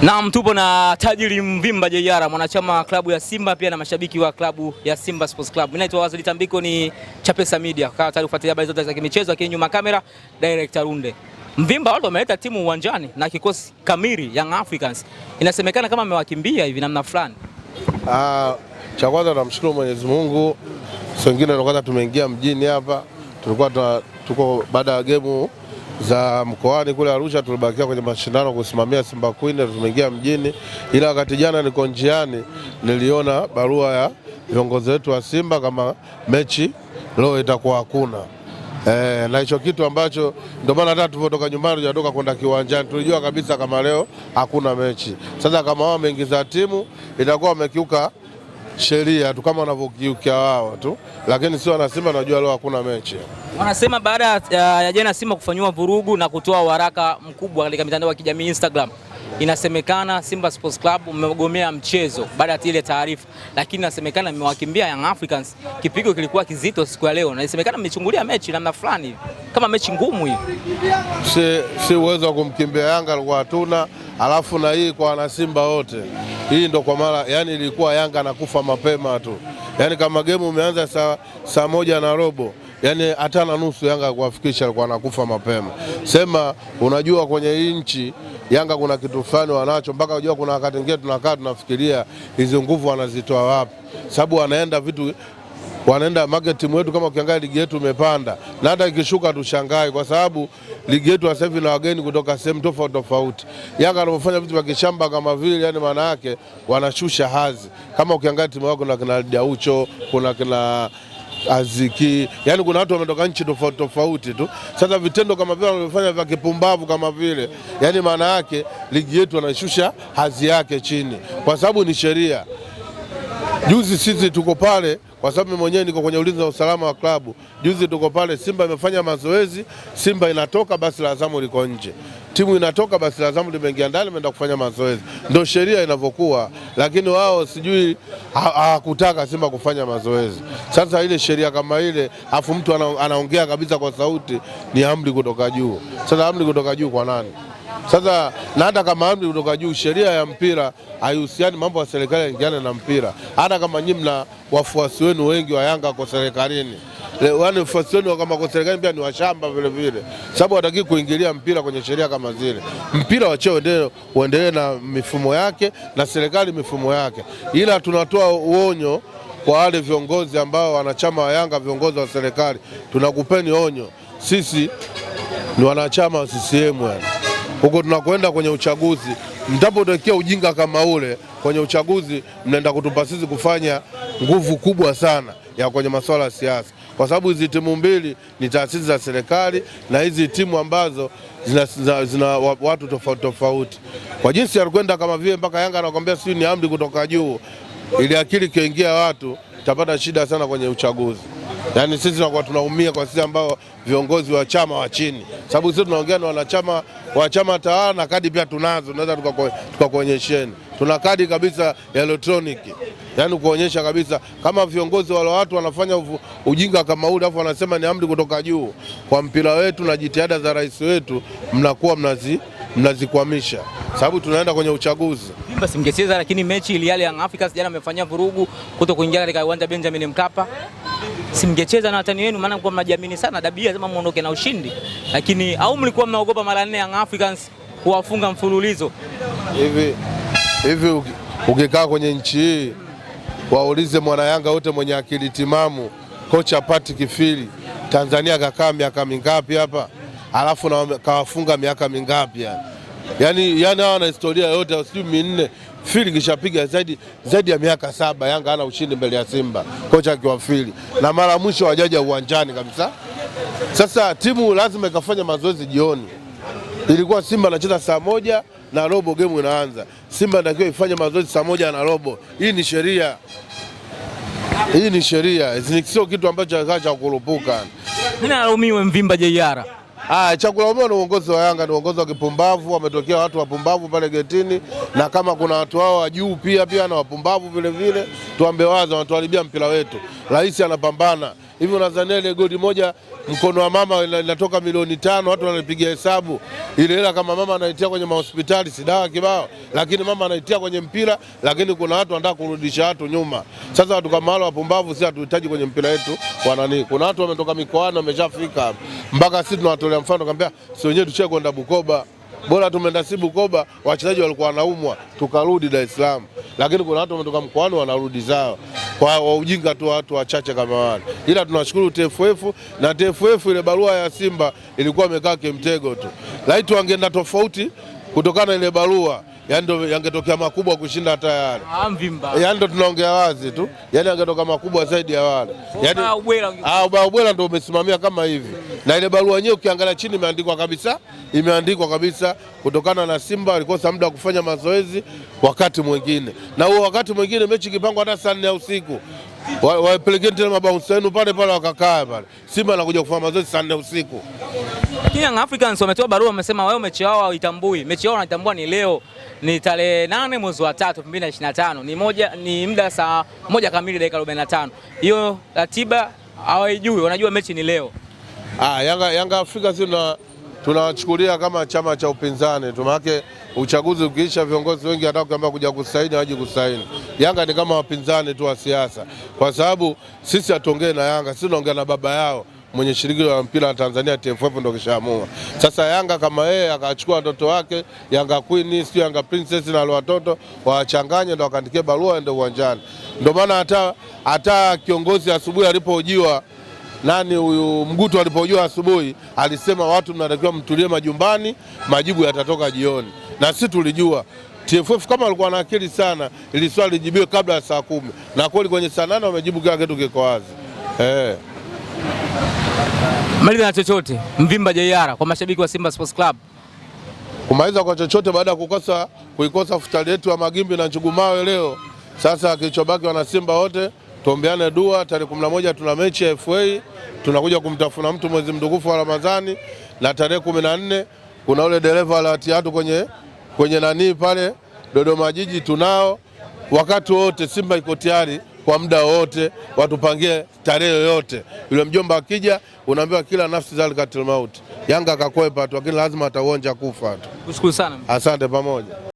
Naam, tupo na tajiri Mvimba JR, mwanachama wa klabu ya Simba pia na mashabiki wa klabu ya Simba Sports Club. Mimi naitwa Wazili Tambiko, ni Chapesa Media. Kaa tayari kufuatilia habari zote za kimichezo, lakini nyuma kamera director Runde. Mvimba watu wameleta timu uwanjani na kikosi kamili Young Africans, inasemekana kama amewakimbia hivi namna fulani. Ah, cha kwanza tunamshukuru Mwenyezi Mungu, sio wengine, ndio kwanza tumeingia mjini hapa, tulikuwa tuko baada ya game za mkoani kule Arusha, tulibakia kwenye mashindano kusimamia Simba Queen, tumeingia mjini, ila wakati jana niko njiani niliona barua ya viongozi wetu wa Simba kama mechi leo itakuwa hakuna. E, na hicho kitu ambacho ndio maana hata tulipotoka nyumbani tujatoka kwenda kiwanjani tulijua kabisa kama leo hakuna mechi. Sasa kama wao wameingiza timu itakuwa wamekiuka sheria tu kama wanavyokiukia wao tu, lakini sio wanasimba. Najua leo hakuna mechi. Wanasema baada ya jana Simba kufanyiwa vurugu na kutoa waraka mkubwa katika mitandao ya kijamii Instagram Inasemekana Simba Sports Club mmegomea mchezo baada ya ile taarifa, lakini inasemekana mmewakimbia Young Africans. Kipigo kilikuwa kizito siku ya leo, na inasemekana mmechungulia mechi namna fulani kama mechi ngumu hii Si, si uwezo wa kumkimbia Yanga alikuwa hatuna, alafu na hii kwa simba wote, hii ndo kwa mara yani ilikuwa Yanga anakufa mapema tu, yani kama gemu umeanza saa saa moja na robo yani hata na nusu Yanga kuwafikisha alikuwa anakufa mapema. Sema unajua kwenye nchi Yanga kuna kitu fulani wanacho, mpaka unajua kuna wakati mwingine tunakaa tunafikiria hizo nguvu wanazitoa wapi, sababu wanaenda vitu wanaenda market mwetu. Kama ukiangalia ligi yetu imepanda, na hata ikishuka tushangae, kwa sababu ligi yetu sasa hivi na wageni kutoka sehemu tofauti tofauti. Yanga wanapofanya vitu vya kishamba kama vile, yani maana yake wanashusha hadhi. Kama ukiangalia timu yako kuna kina Daucho, kuna kina aziki, yani kuna watu wametoka nchi tofauti tofauti tu. Sasa vitendo kama vile wanavyofanya vya kipumbavu kama vile, yani maana yake ligi yetu anashusha hadhi yake chini, kwa sababu ni sheria. Juzi sisi tuko pale kwa sababu mimi mwenyewe niko kwenye ulinzi na usalama wa klabu. Juzi tuko pale, Simba imefanya mazoezi, Simba inatoka, basi la liko nje timu inatoka basi lazamu limeingia ndani imeenda kufanya mazoezi, ndio sheria inavyokuwa, lakini wao sijui hawakutaka Simba kufanya mazoezi. Sasa ile sheria kama ile, afu mtu anaongea kabisa kwa sauti, ni amri kutoka juu. Sasa amri kutoka juu kwa nani? Sasa na hata kama amri kutoka juu, sheria ya mpira haihusiani mambo ya serikali yaingiane na mpira. Hata kama nyinyi mna wafuasi wenu wengi wa Yanga kwa serikalini, yaani wafuasi wenu kama kwa serikalini pia ni washamba vile vile, sababu hataki kuingilia mpira kwenye sheria kama zile. Mpira wache uendelee na mifumo yake na serikali mifumo yake, ila tunatoa uonyo kwa wale viongozi ambao wanachama wa Yanga, viongozi wa serikali, tunakupeni onyo, sisi ni wanachama wa CCM yani huko tunakwenda kwenye uchaguzi, mtapotokea ujinga kama ule kwenye uchaguzi, mnaenda kutupa sisi kufanya nguvu kubwa sana ya kwenye masuala ya siasa, kwa sababu hizi timu mbili ni taasisi za serikali na hizi timu ambazo zina, zina, zina watu tofauti tofauti. Kwa jinsi alikwenda kama vile mpaka Yanga anakuambia sijui ni amri kutoka juu, ili akili kiingia watu tapata shida sana kwenye uchaguzi. Yaani sisi tunakuwa tunaumia kwa sisi ambao viongozi wa chama wa chini, sababu sisi tunaongea na wanachama wa chama tawala na kadi pia tunazo, tunaweza tukakuonyesheni. Tuna kadi kabisa ya elektroniki, yaani kuonyesha kabisa kama viongozi wale watu wanafanya ujinga kama ule, alafu wanasema ni amri kutoka juu kwa mpira wetu na jitihada za rais wetu, mnakuwa mnazi mnazikwamisha sababu tunaenda kwenye uchaguzi. Simba simgecheza, lakini mechi ile ya Afrika jana amefanyia vurugu kuto kuingia katika uwanja Benjamin Mkapa simgecheza na watani wenu, maana mlikuwa mnajiamini sana dabi lazima muondoke na ushindi, lakini au mlikuwa mnaogopa mara nne Young Africans kuwafunga mfululizo hivi hivi? Ukikaa kwenye nchi hii waulize mwana yanga wote mwenye akili timamu, kocha Pati Kifili Tanzania kakaa miaka mingapi hapa, alafu na kawafunga miaka mingapi? yani, yani hawa na historia yote sijui minne fili kishapiga zaidi, zaidi ya miaka saba. Yanga hana ushindi mbele ya Simba, kocha akiwa fili na mara mwisho wajaja uwanjani kabisa. Sasa timu lazima ikafanya mazoezi jioni. Ilikuwa Simba anacheza saa moja na robo, gemu inaanza. Simba natakiwa ifanye mazoezi saa moja na robo. Hii ni sheria, hii ni sheria, sio kitu ambacho cha kurupuka. Mimi nalaumiwe Mvimba JR Ah, cha kulaumiwa ni uongozi wa Yanga, ni uongozi wa kipumbavu. Wametokea watu wapumbavu pale getini, na kama kuna watu hao wa juu pia pia na wapumbavu vile vile, tuambe wazi, wanatuharibia mpira wetu. Rais anapambana hivi, unadhania ile goli moja mkono wa mama inatoka milioni tano, watu wanapiga hesabu ile hela. Kama mama anaitia kwenye mahospitali si dawa kibao, lakini mama anaitia kwenye mpira, lakini kuna watu wanataka kurudisha watu nyuma. Sasa watu kama wale wapumbavu si hatuhitaji kwenye mpira wetu. kwa nani? kuna watu wametoka mikoani wameshafika mpaka sisi tunawatolea mfano kaambia, si wenyewe tuchia kwenda Bukoba, bora tumeenda si Bukoba, wachezaji walikuwa wanaumwa tukarudi Dar es Salaam, lakini kuna watu wametoka mkoani wanarudi zao kwa wa ujinga tu, watu wachache kama wale. Ila tunashukuru TFF na TFF, ile barua ya Simba ilikuwa imekaa kimtego tu, laiti wangeenda tofauti kutokana na ile barua yani ndo yangetokea makubwa kushinda hata yale, ah, yani ndo tunaongea wazi tu, yani yangetoka makubwa zaidi ya wale. Yani ubaya ubwela ah, ndo umesimamia kama hivi, na ile barua yenyewe ukiangalia chini imeandikwa kabisa, imeandikwa kabisa kutokana na Simba walikosa muda wa kufanya mazoezi wakati mwingine, na huo wakati mwingine mechi ikipangwa hata saa nne ya usiku wapelekeni tena mabaunsa yenu pale pale, wakakaa pale. Simba anakuja kufanya mazoezi saa nne usiku. Young Africans wametoa barua, wamesema wao mechi yao hawaitambui. Mechi yao wanaitambua ni leo, ni tarehe nane mwezi wa tatu 2025 ni moja, ni muda saa moja kamili dakika 45. Hiyo ratiba hawaijui, wanajua mechi ni leo. Ah, Yanga Yanga Afrika sisi tunawachukulia kama chama cha upinzani tumake, uchaguzi ukiisha, viongozi wengi hata ukiambia kuja kusaini haji kusaini. Yanga ni kama wapinzani tu wa siasa, kwa sababu sisi hatuongee na Yanga, sisi tunaongea na baba yao mwenye shiriki la mpira wa Tanzania TFF ndo kishaamua. Sasa Yanga kama yeye akachukua watoto wake Yanga Queen, si Yanga Princess na wale watoto wawachanganye, ndo akaandikia barua ende uwanjani. Ndio maana hata hata kiongozi asubuhi alipojiwa nani huyu Mguto alipojua asubuhi alisema watu mnatakiwa mtulie majumbani, majibu yatatoka jioni, na sisi tulijua TFF kama walikuwa na akili sana, ili swali lijibiwe kabla ya saa kumi na kweli kwenye saa nane wamejibu, kila kitu kiko wazi eh. Maliza na chochote Mvimba JR kwa mashabiki wa Simba Sports Club kumaliza kwa chochote baada ya kukosa kuikosa futari yetu ya Magimbi na njugumawe leo. Sasa kilichobaki Simba wote tuombeane dua. Tarehe 11 tuna mechi ya FA, tunakuja kumtafuna mtu mwezi mtukufu wa Ramadhani, na tarehe 14 kuna ule dereva la tiatu kwenye, kwenye nanii pale Dodoma Jiji. Tunao wakati wote, Simba iko tayari kwa muda wote, watupangie tarehe yoyote. Yule mjomba akija, unaambiwa kila nafsi zalikatil mauti. Yanga akakwepa tu, lakini lazima atauonja kufa tu. Asante pamoja.